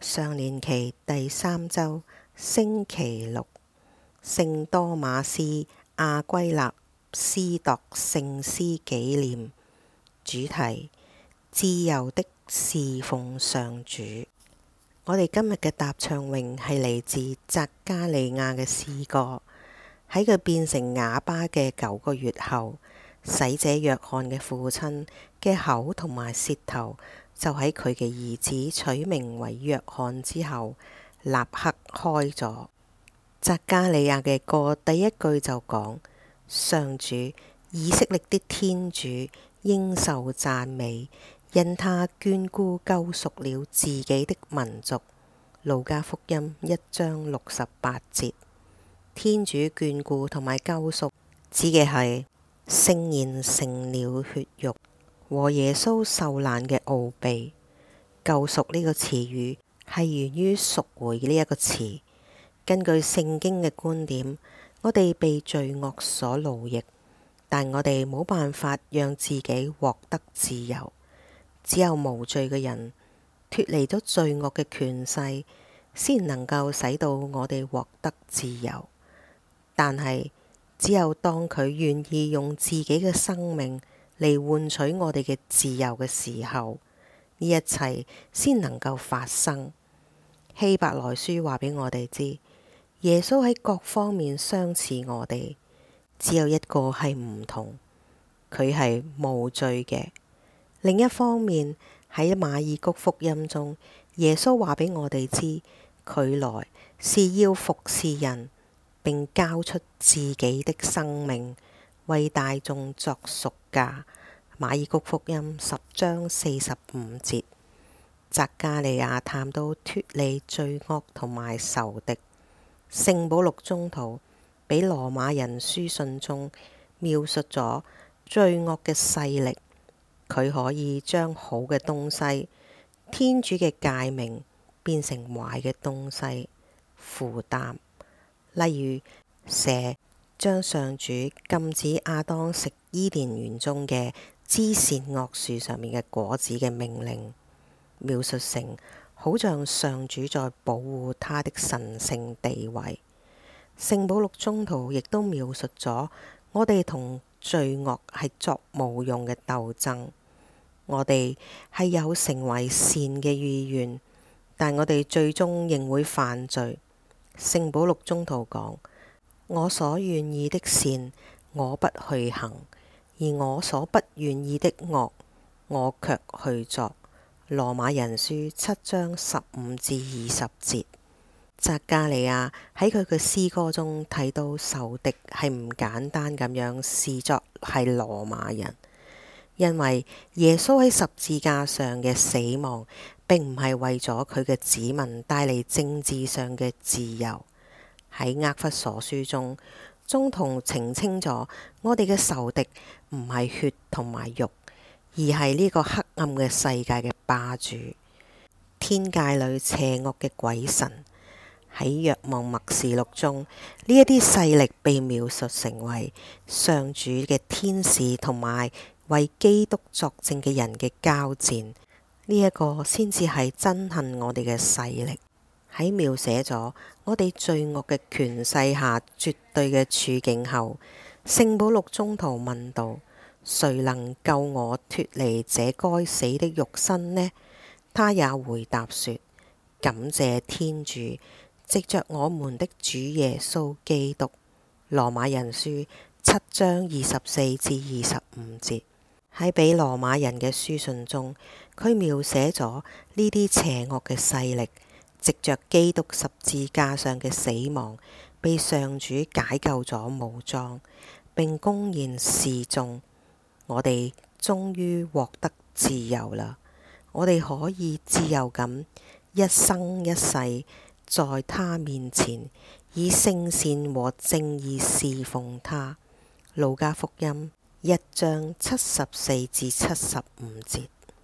常年期第三周星期六，聖多瑪斯阿奎納司鐸聖師紀念主題：自由的侍奉上主。我哋今日嘅答唱詠係嚟自匝加利亞嘅詩歌。喺佢變成啞巴嘅九個月後，洗者若翰嘅父親嘅口同埋舌頭。就喺佢嘅兒子取名為若翰之後立刻開咗。匝加利亞嘅歌第一句就講，上主，以色列的天主應受讚美，因他眷顧救贖了自己的民族。路加福音一章六十八節。天主眷顧同埋救贖指嘅係聖言成了血肉。和耶穌受難嘅奧秘。救贖呢個詞語係源於贖回呢一個詞。根據聖經嘅觀點，我哋被罪惡所奴役，但我哋冇辦法讓自己獲得自由。只有無罪嘅人，脫離咗罪惡嘅權勢，先能夠使到我哋獲得自由。但係，只有當佢願意用自己嘅生命，嚟換取我哋嘅自由嘅時候，呢一切先能夠發生。希伯來書話俾我哋知，耶穌喺各方面相似我哋，只有一個係唔同，佢係無罪嘅。另一方面喺馬爾谷福音中，耶穌話俾我哋知，佢來是要服事人並交出自己的生命。為大眾作贖價，馬爾谷福音十章四十五節，匝加利亞談到脫離罪惡同埋仇敵。聖保祿宗徒，俾羅馬人書信中描述咗罪惡嘅勢力，佢可以將好嘅東西、天主嘅誡命變成壞嘅東西，負擔，例如蛇。將上主禁止阿當食伊甸園中嘅知善惡樹上面嘅果子嘅命令，描述成好像上主在保護他的神聖地位。聖保祿宗徒亦都描述咗我哋同罪惡係作無用嘅鬥爭。我哋係有成為善嘅意願，但我哋最終仍會犯罪。聖保祿宗徒講。我所願意的善，我不去行；而我所不願意的惡，我卻去作。《羅馬人書》七章十五至二十節。匝加利亞喺佢嘅詩歌中睇到仇敵係唔簡單咁樣視作係羅馬人，因為耶穌喺十字架上嘅死亡並唔係為咗佢嘅子民帶嚟政治上嘅自由。喺厄弗所書中，宗徒澄清咗我哋嘅仇敵唔係血同埋肉，而係呢個黑暗嘅世界嘅霸主，天界裏邪惡嘅鬼神。喺若望默示錄中，呢一啲勢力被描述成為上主嘅天使同埋為基督作證嘅人嘅交戰，呢、這、一個先至係憎恨我哋嘅勢力。喺描寫咗我哋罪惡嘅權勢下絕望嘅處境後，聖保禄宗徒問道：誰能救我脱離這該死的肉身呢？他也回答說：感謝天主，藉着我們的主耶穌基督。」羅馬人書七章二十四至二十五節。喺俾羅馬人嘅書信中，佢描寫咗呢啲邪惡嘅勢力。藉着基督十字架上嘅死亡，被上主解除咗武裝，並公然示眾，我哋終於獲得自由啦！我哋可以自由咁一生一世在他面前以聖善和正義侍奉他。路加福音一章七十四至七十五節。